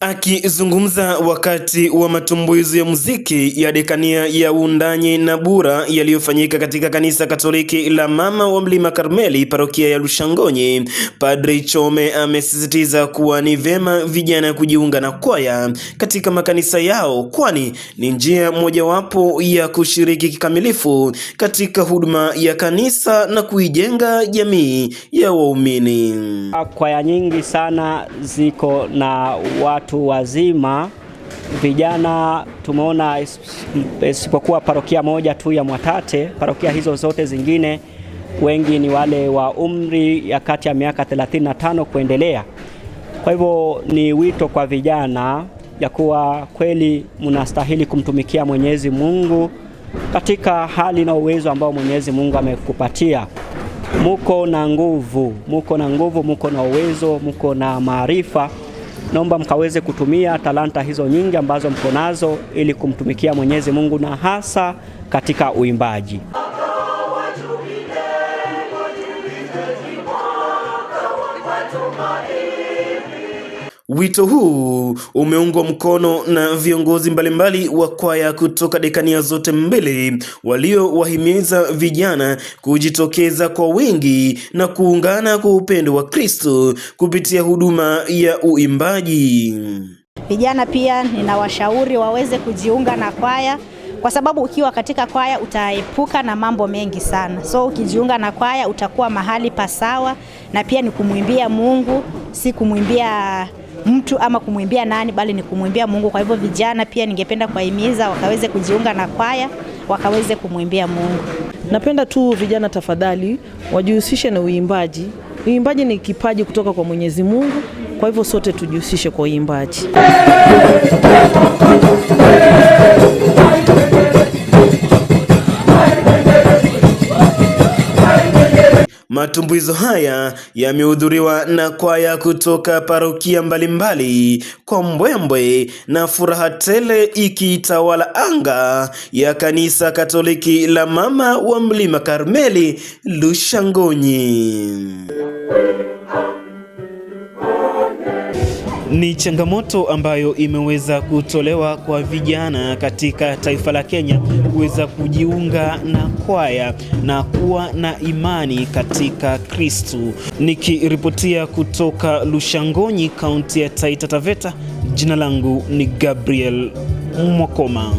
Akizungumza wakati wa matumbuizo ya muziki ya dekania ya uundanyi na bura yaliyofanyika katika kanisa Katoliki la Mama wa Mlima Karmeli parokia ya Lushangonyi, Padri Chome amesisitiza kuwa ni vema vijana kujiunga na kwaya katika makanisa yao, kwani ni njia mojawapo ya kushiriki kikamilifu katika huduma ya kanisa na kuijenga jamii ya waumini. Kwaya nyingi sana ziko na watu watu wazima vijana tumeona isipokuwa parokia moja tu ya Mwatate. Parokia hizo zote zingine wengi ni wale wa umri ya kati ya miaka 35 kuendelea. Kwa hivyo ni wito kwa vijana ya kuwa kweli mnastahili kumtumikia Mwenyezi Mungu katika hali na uwezo ambao Mwenyezi Mungu amekupatia. Muko na nguvu, muko na nguvu, muko na uwezo, muko na maarifa naomba mkaweze kutumia talanta hizo nyingi ambazo mko nazo ili kumtumikia Mwenyezi Mungu na hasa katika uimbaji. Wito huu umeungwa mkono na viongozi mbalimbali wa kwaya kutoka dekania zote mbili waliowahimiza vijana kujitokeza kwa wingi na kuungana kwa upendo wa Kristo kupitia huduma ya uimbaji. Vijana pia ninawashauri waweze kujiunga na kwaya kwa sababu ukiwa katika kwaya utaepuka na mambo mengi sana. So ukijiunga na kwaya utakuwa mahali pasawa, na pia ni kumwimbia Mungu, si kumwimbia mtu ama kumwimbia nani, bali ni kumwimbia Mungu. Kwa hivyo vijana pia ningependa kuwahimiza wakaweze kujiunga na kwaya, wakaweze kumwimbia Mungu. Napenda tu vijana, tafadhali wajihusishe na uimbaji. Uimbaji ni kipaji kutoka kwa Mwenyezi Mungu, kwa hivyo sote tujihusishe kwa uimbaji. Matumbuizo haya yamehudhuriwa na kwaya kutoka parokia mbalimbali kwa mbwembwe na furaha tele ikitawala anga ya kanisa Katoliki la Mama wa Mlima Karmeli Lushangonyi. Ni changamoto ambayo imeweza kutolewa kwa vijana katika taifa la Kenya kuweza kujiunga na kwaya na kuwa na imani katika Kristu. Nikiripotia kutoka Lushangonyi, kaunti ya Taita Taveta, jina langu ni Gabriel Mwakoma.